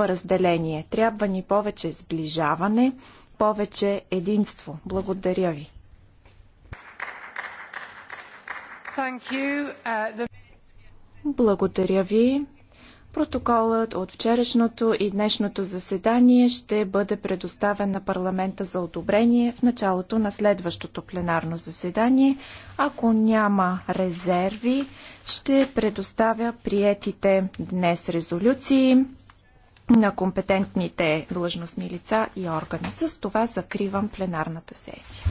разделение. Трябва ни повече сближаване, повече единство. Благодаря ви. Uh, Благодаря ви. Протоколът от вчерашното и днешното заседание ще бъде предоставен на парламента за одобрение в началото на следващото пленарно заседание. Ако няма резерви, ще предоставя приетите днес резолюции на компетентните длъжностни лица и органи. С това закривам пленарната сесия.